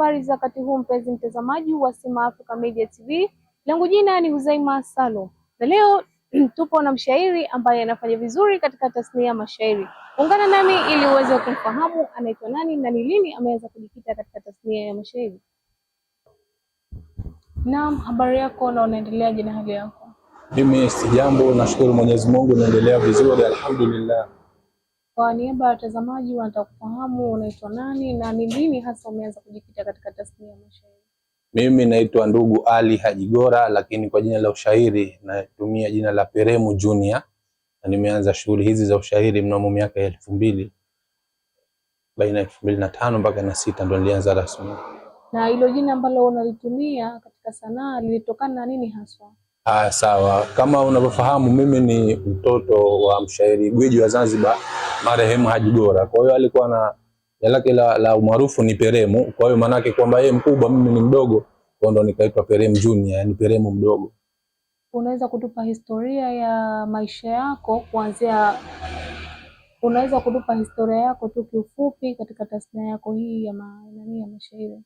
habari za wakati huu, mpenzi mtazamaji wa Sima Africa Media TV, langu jina ni Huzaima Salo, na leo tupo na mshairi ambaye anafanya vizuri katika tasnia ya mashairi. Ungana nami ili uweze kumfahamu anaitwa nani na ni lini ameweza kujikita katika tasnia ya mashairi. Naam, habari yako na unaendeleaje na hali yako? Mimi si jambo, nashukuru Mwenyezi Mungu, naendelea vizuri, alhamdulillah. Kwa niaba ya watazamaji wanataka kufahamu unaitwa nani na ni lini hasa umeanza kujikita katika tasnia ya mashairi? Mimi naitwa ndugu Ali Haji Gora, lakini kwa jina la ushairi natumia jina la Peremu Junior, na nimeanza shughuli hizi za ushairi mnamo miaka ya elfu mbili baina ya elfu mbili na tano mpaka na sita ndo nilianza rasmi. Na hilo jina ambalo unalitumia katika sanaa lilitokana na nini haswa? Ah, sawa. Kama unavyofahamu mimi ni mtoto wa mshairi gwiji wa Zanzibar marehemu Haji Gora. Kwa hiyo alikuwa na lake la, la umaarufu ni Peremu. Kwa hiyo maanake kwamba yeye mkubwa, mimi ni mdogo, kwa ndo nikaitwa Peremu Junior, yani Peremu mdogo. Unaweza kutupa historia ya maisha yako kuanzia, unaweza kutupa historia yako tu kiufupi katika tasnia yako hii ya, ma... ya mashairi?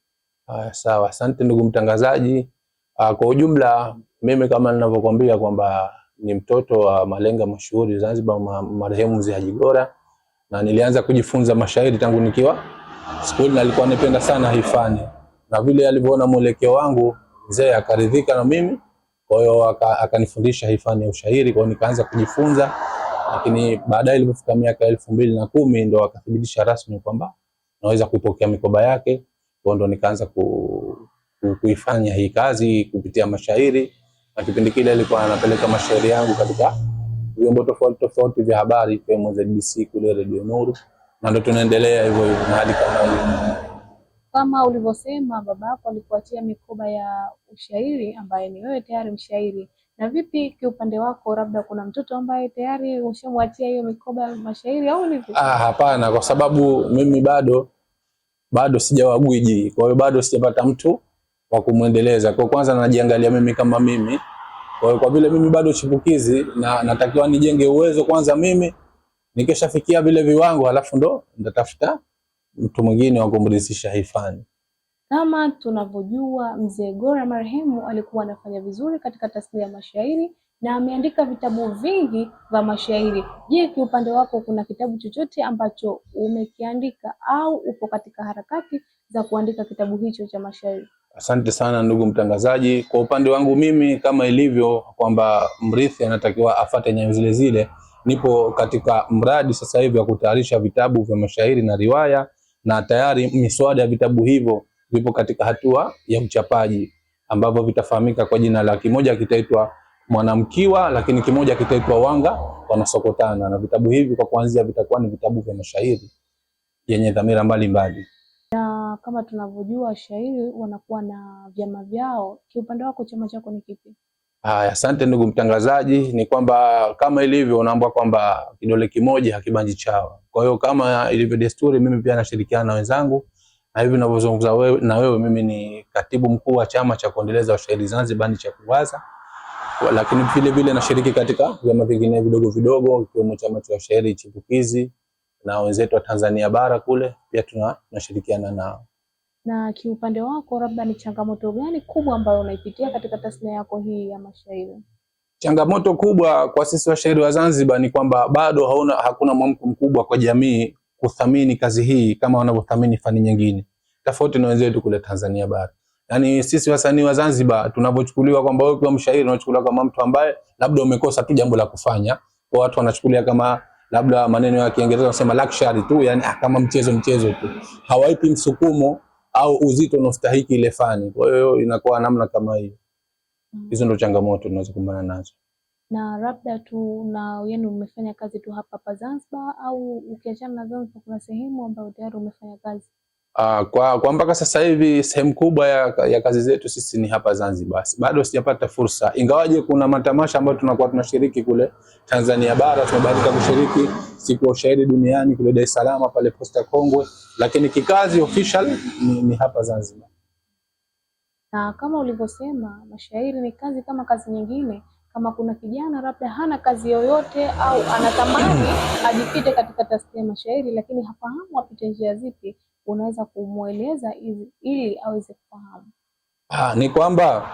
Haya, sawa. Asante ndugu mtangazaji. Uh, Kwa ujumla mimi kama ninavyokuambia kwamba ni mtoto wa malenga mashuhuri Zanzibar, ma, marehemu Mzee Haji Gora, na nilianza kujifunza mashairi tangu nikiwa school na alikuwa anapenda sana hifani, na vile alivyoona mwelekeo wangu mzee akaridhika na mimi, kwa hiyo akanifundisha hifani ya ushairi, kwa hiyo nikaanza kujifunza. Lakini baadaye ilipofika miaka elfu mbili na kumi ndo akathibitisha rasmi kwamba naweza kupokea mikoba yake, kwa ndo nikaanza ku kuifanya hii kazi kupitia mashairi, na kipindi kile alikuwa anapeleka mashairi yangu katika vyombo tofauti tofauti vya habari kama ZBC kule Radio Nuru, na ndio tunaendelea hivyo hivyo hadi kama kama ulivyosema babako alikuachia mikoba ya ushairi, ambaye ni wewe tayari mshairi. Na vipi kiupande wako, labda kuna mtoto ambaye tayari ushamwachia hiyo mikoba ya mashairi au ni vipi? Ah, hapana, kwa sababu mimi bado bado sijawagwiji, kwa hiyo bado sijapata mtu wa kumwendeleza. Kwa kwanza najiangalia mimi kama mimi. Kwa hiyo kwa vile mimi bado chipukizi na natakiwa nijenge uwezo kwanza mimi, nikishafikia vile viwango halafu ndo nitatafuta mtu mwingine wa kumrithisha hifani. Kama tunavyojua mzee Gora marehemu alikuwa anafanya vizuri katika tasnia ya mashairi na ameandika vitabu vingi vya mashairi. Je, kiupande wako kuna kitabu chochote ambacho umekiandika au upo katika harakati za kuandika kitabu hicho cha mashairi? Asante sana ndugu mtangazaji. Kwa upande wangu mimi, kama ilivyo kwamba mrithi anatakiwa afate nyayo zile zile, nipo katika mradi sasa hivi wa kutayarisha vitabu vya mashairi na riwaya, na tayari miswada ya vitabu hivyo vipo katika hatua ya uchapaji, ambavyo vitafahamika kwa jina la kimoja kitaitwa Mwanamkiwa, lakini kimoja kitaitwa Wanga Wanasokotana, na vitabu hivi kwa kuanzia vitakuwa ni vitabu vya mashairi yenye dhamira mbalimbali. Na kama tunavyojua washairi wanakuwa na vyama vyao. Kiupande wako chama chako ni kipi? Haya, asante ndugu mtangazaji. Ni kwamba kama ilivyo unaambwa kwamba kidole kimoja hakibanji chawa. Kwa hiyo kama ilivyo desturi, mimi pia nashirikiana na wenzangu na hivi ninavyozungumza wewe, na wewe mimi ni katibu mkuu wa chama cha kuendeleza washairi Zanzibar cha kuwaza, lakini vile vile nashiriki katika vyama vingine vidogo vidogo ikiwemo chama cha washairi chipukizi na wenzetu wa Tanzania bara kule pia tunashirikiana nao. Na kiupande wako, labda ni changamoto gani kubwa ambayo unaipitia katika tasnia yako hii ya mashairi? Changamoto kubwa kwa sisi washairi wa Zanzibar ni kwamba bado hauna, hakuna mwamko mkubwa kwa jamii kuthamini kazi hii kama wanavyothamini fani nyingine, tofauti na wenzetu kule Tanzania bara. Yaani sisi wasanii wa Zanzibar tunavyochukuliwa kwamba wewe ukiwa mshairi unachukuliwa kama mtu ambaye labda umekosa tu jambo la kufanya, kwa watu wanachukulia kama labda maneno ya Kiingereza wanasema luxury tu, yani ah, kama mchezo mchezo tu, hawaipi msukumo au uzito unaostahiki ile fani. Kwa hiyo inakuwa namna kama hiyo. Mm. Hizo ndo changamoto tunazokumbana nazo. Na labda tu na yenu, umefanya kazi tu hapa hapa Zanzibar, au ukiachana na Zanzibar kuna sehemu ambayo tayari umefanya kazi? Uh, kwa, kwa mpaka sasa hivi sehemu kubwa ya, ya kazi zetu sisi ni hapa Zanzibar. Bado sijapata fursa, ingawaje kuna matamasha ambayo tunakuwa tunashiriki kule Tanzania bara. Tumebahatika kushiriki siku ya ushairi duniani kule Dar es Salaam pale Posta Kongwe, lakini kikazi official ni, ni hapa Zanzibar. Na kama ulivyosema, mashairi ni kazi kama kazi nyingine. Kama kuna kijana labda hana kazi yoyote au anatamani ajikite katika tasnia ya mashairi, lakini hafahamu apite njia zipi unaweza kumweleza ili aweze kufahamu? Ah, ni kwamba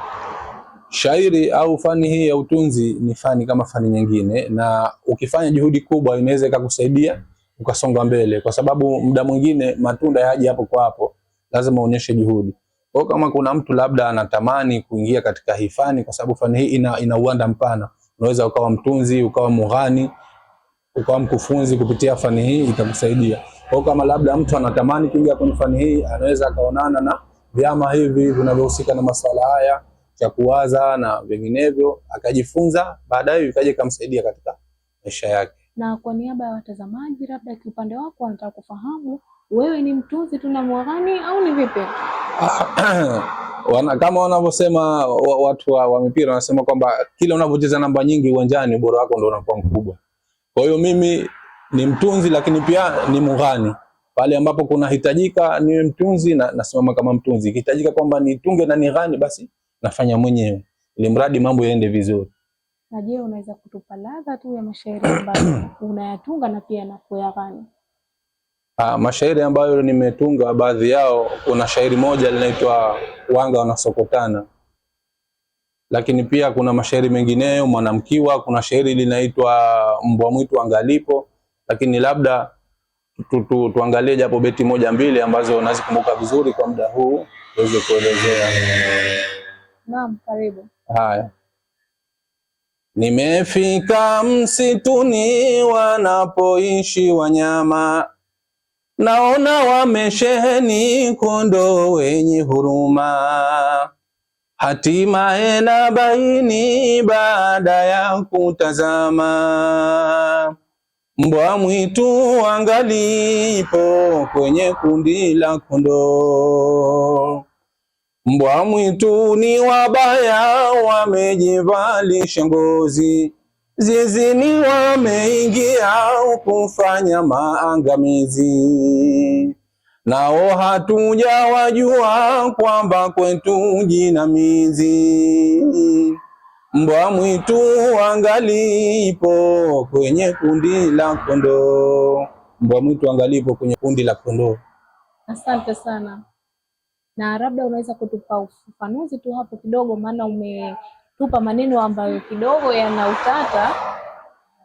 shairi au fani hii ya utunzi ni fani kama fani nyingine, na ukifanya juhudi kubwa inaweza ikakusaidia ukasonga mbele, kwa sababu muda mwingine matunda yaje hapo kwa hapo, lazima uonyeshe juhudi. Kwa kama kuna mtu labda anatamani kuingia katika hii fani, kwa sababu fani hii ina, ina uwanda mpana, unaweza ukawa mtunzi, ukawa mughani, ukawa mkufunzi, kupitia fani hii itakusaidia. Kwa kama labda mtu anatamani kuingia kwenye fani hii, anaweza akaonana na vyama hivi vinavyohusika na masuala haya, cha kuwaza na vinginevyo, akajifunza baadaye, ikaje kumsaidia katika maisha yake. Na kwa niaba ya watazamaji, labda kiupande wako wanataka kufahamu wewe ni mtunzi tu na mwagani au ni vipi? Ah, wana, kama wanavyosema watu wa, wa mipira wanasema kwamba kila unavyocheza namba nyingi uwanjani ubora wako ndio unakuwa mkubwa. Kwa hiyo mimi ni mtunzi lakini pia ni mughani. Pale ambapo kunahitajika niwe mtunzi na nasimama kama mtunzi, ikihitajika kwamba nitunge na nighani, basi nafanya mwenyewe, ili mradi mambo yaende vizuri. Na je, unaweza kutupa ladha tu ya mashairi ambayo unayatunga na pia na Ah, mashairi ambayo nimetunga baadhi yao, kuna shairi moja linaitwa wanga wanasokotana, lakini pia kuna mashairi mengineyo mwanamkiwa, kuna shairi linaitwa mbwa mwitu angalipo lakini labda tu, tu, tuangalie japo beti moja mbili ambazo nazikumbuka vizuri kwa muda huu tuweze kuelezea. Naam, karibu. Haya, nimefika msituni wanapoishi wanyama, naona wamesheheni kondoo wenye huruma hatimaye na baini baada ya kutazama mbwa mwitu angalipo kwenye kundi la kondoo. Mbwa mwitu ni wabaya, wamejivalisha ngozi, zizini wameingia kufanya maangamizi. Nao hatujawajua kwamba kwetu jinamizi mbwa mwitu angalipo kwenye kundi la kondoo, mbwa mwitu angalipo kwenye kundi la kondoo. Asante sana, na labda unaweza kutupa ufafanuzi tu hapo kidogo, maana umetupa maneno ambayo kidogo yana utata.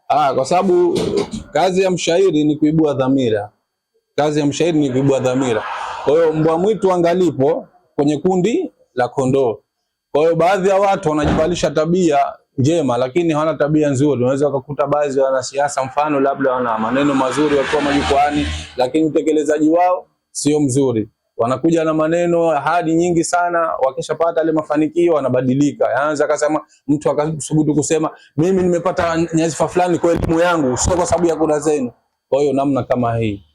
Ah, kwa sababu kazi ya mshairi ni kuibua dhamira, kazi ya mshairi ni kuibua dhamira. Kwa hiyo mbwa mwitu angalipo kwenye kundi la kondoo kwa hiyo baadhi ya watu wanajivalisha tabia njema, lakini hawana tabia nzuri. Unaweza ukakuta baadhi ya wanasiasa, mfano labda wana maneno mazuri wakiwa majukwani, lakini utekelezaji wao sio mzuri. Wanakuja na maneno ahadi nyingi sana, wakishapata ile mafanikio wanabadilika. Yaanza akasema mtu akasubutu kusema mimi nimepata nyadhifa fulani kwa elimu yangu, sio kwa sababu ya kura zenu. Kwa hiyo namna kama hii.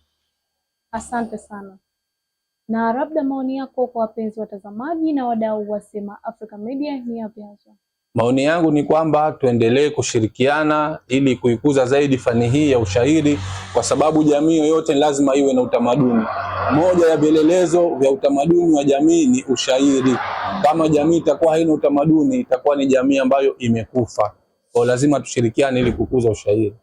Asante sana na labda maoni yako kwa wapenzi watazamaji na wadau wa Sema Africa Media ni yapi hasa? Maoni yangu ni kwamba tuendelee kushirikiana ili kuikuza zaidi fani hii ya ushairi, kwa sababu jamii yoyote lazima iwe na utamaduni. Moja ya vielelezo vya utamaduni wa jamii ni ushairi. Kama jamii itakuwa haina utamaduni, itakuwa ni jamii ambayo imekufa. Kwa lazima tushirikiane ili kukuza ushairi.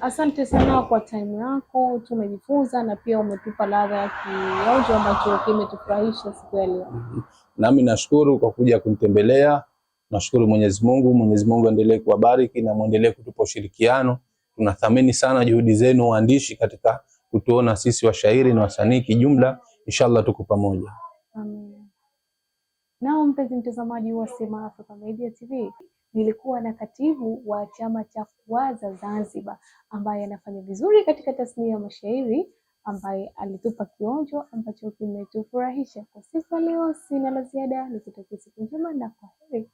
Asante sana kwa time yako, tumejifunza na pia umetupa ladha ya kionjo ambacho kimetufurahisha siku ya leo. Nami nashukuru kwa kuja kunitembelea. Nashukuru Mwenyezi Mungu. Mwenyezi Mungu aendelee kuwabariki na muendelee kutupa ushirikiano. Tunathamini sana juhudi zenu waandishi, katika kutuona sisi washairi na wasanii kijumla. Inshallah tuko pamoja. Amin. Nao mpenzi mtazamaji wa Sema Africa Media TV Nilikuwa na katibu wa chama cha kwaza Zanzibar ambaye anafanya vizuri katika tasnia ya mashairi, ambaye alitupa kionjo ambacho kimetufurahisha. Kwa siku ya leo sina la ziada, nikutakia siku njema na kwaheri.